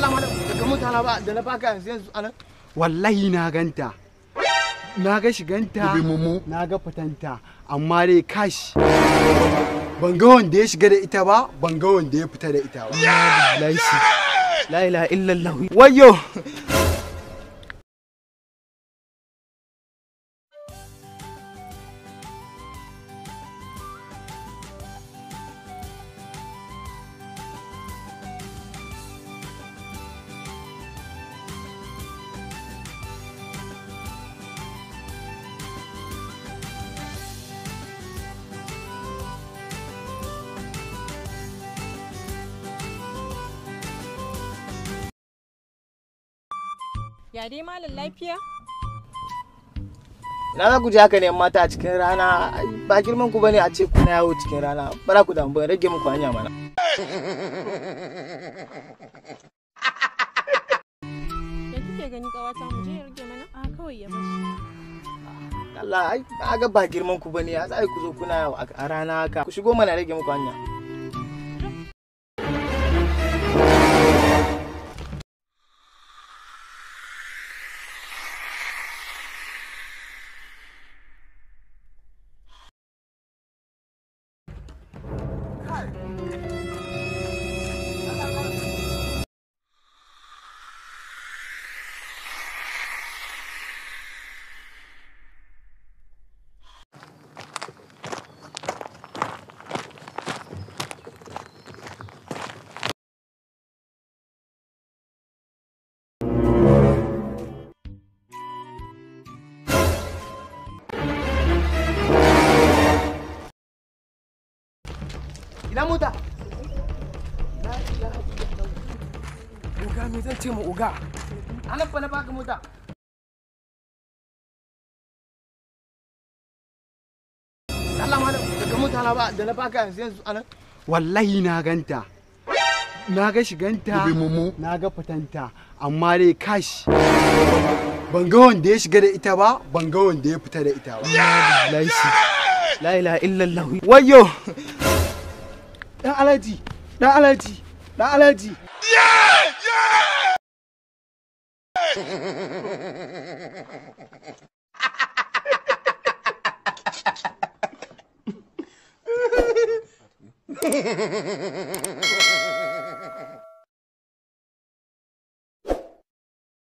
Allah malam daga mutana ba da na baka yanzu yanzu anan wallahi na ganta na ga shiganta na ga fitanta amma dai kashi ban ga wanda ya shiga da ita ba ban ga wanda ya fita da ita ba la ilaha illallah wayo Ya dai malam lafiya? Na za ku ji haka ne mata a cikin rana ba girman ku bane a ce kuna yawo cikin rana bara ku damu rage muku hanya mana. Ya kike gani kawata mu je rage mana? A ah, kawai ya bashi. Allah ai ba ga ba girman ku bane a sai ku zo kuna yawo a rana haka ku shigo mana rage muku hanya. ina mota oga me zan ce ma oga anan fa na baka mota Allah malam daga mota na ba da na baka yanzu yanzu anan wallahi na ganta na ga shiganta na ga fatanta, amma dai kashi ban ga wanda ya shiga da ita ba ban ga wanda ya fita da ita ba la ilaha illallah Wayyo! allergy，那 allergy，那 allergy。Yeah! Yeah!